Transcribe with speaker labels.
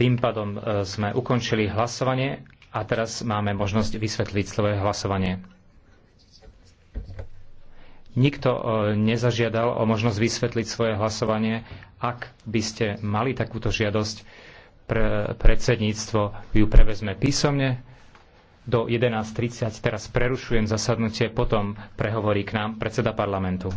Speaker 1: Tým pádom e, sme ukončili hlasovanie a teraz máme možnosť vysvetliť svoje hlasovanie. Nikto e, nezažiadal o možnosť vysvetliť svoje hlasovanie. Ak by ste mali takúto žiadosť, pre predsedníctvo ju prevezme písomne do 11.30. Teraz prerušujem zasadnutie, potom prehovorí k nám predseda parlamentu.